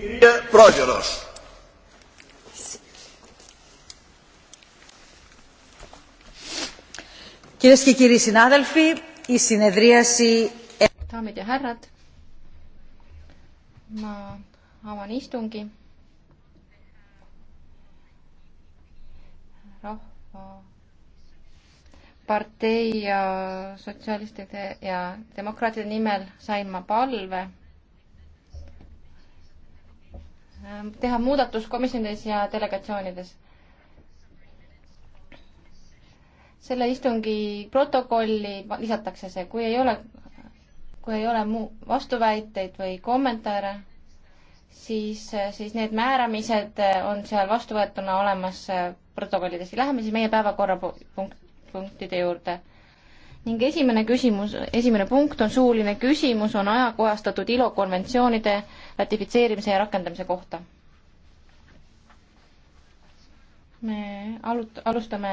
Κυρία Πρόεδρος. Κυρίες και κύριοι συνάδελφοι, η συνεδρίαση... Daamid ja härrad, ma avan istungi. rahva partei ja sotsialistide ja demokraatide nimel sain ma palve Ähm, teha muudatus komisjonides ja delegatsioonides. selle istungi protokolli lisatakse see, kui ei ole, kui ei ole muu vastuväiteid või kommentaare, siis, siis need määramised on seal vastuvõetuna olemas äh, protokollides. Läheme siis meie päevakorrapunktide juurde ning esimene küsimus, esimene punkt on suuline küsimus, on ajakohastatud ILO konventsioonide ratifitseerimise ja rakendamise kohta. me alut-, alustame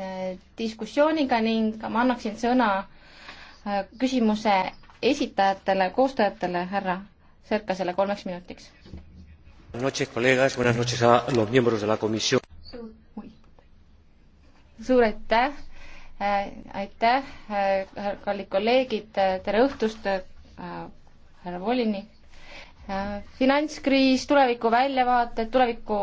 äh, diskussiooniga ning ma annaksin sõna äh, küsimuse esitajatele, koostajatele, härra Serkasele kolmeks minutiks. suur aitäh Äh, aitäh, äh, kallid kolleegid, äh, tere õhtust, härra volinik. finantskriis, tuleviku väljavaated, tuleviku